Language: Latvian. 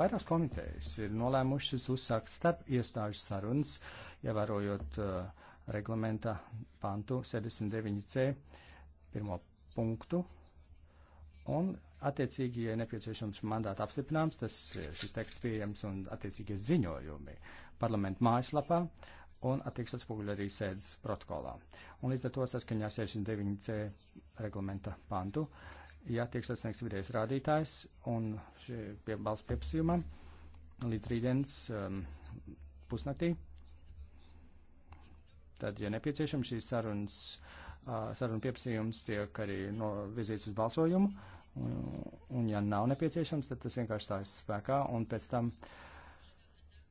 Vairākas komitejas ir nolēmušas uzsākt starp iestāžu sarunas, ievērojot uh, reglamenta pantu 79c pirmo punktu. Un, attiecīgi, ja nepieciešams mandāta apstiprinājums, tas uh, šis teksts pieejams un attiecīgie ziņojumi parlamentu mājaslapā un attieks atspoguļo arī sēdes protokolā. Un līdz ar to saskaņā 69c reglamenta pantu ja tiek sasniegts vidējais rādītājs un pie balss pieprasījumam līdz rītdienas um, pusnaktī, tad, ja nepieciešams, šīs sarunas, uh, saruna pieprasījums tiek arī no vizītes uz balsojumu, un, un ja nav nepieciešams, tad tas vienkārši stājas spēkā un pēc tam. Uh,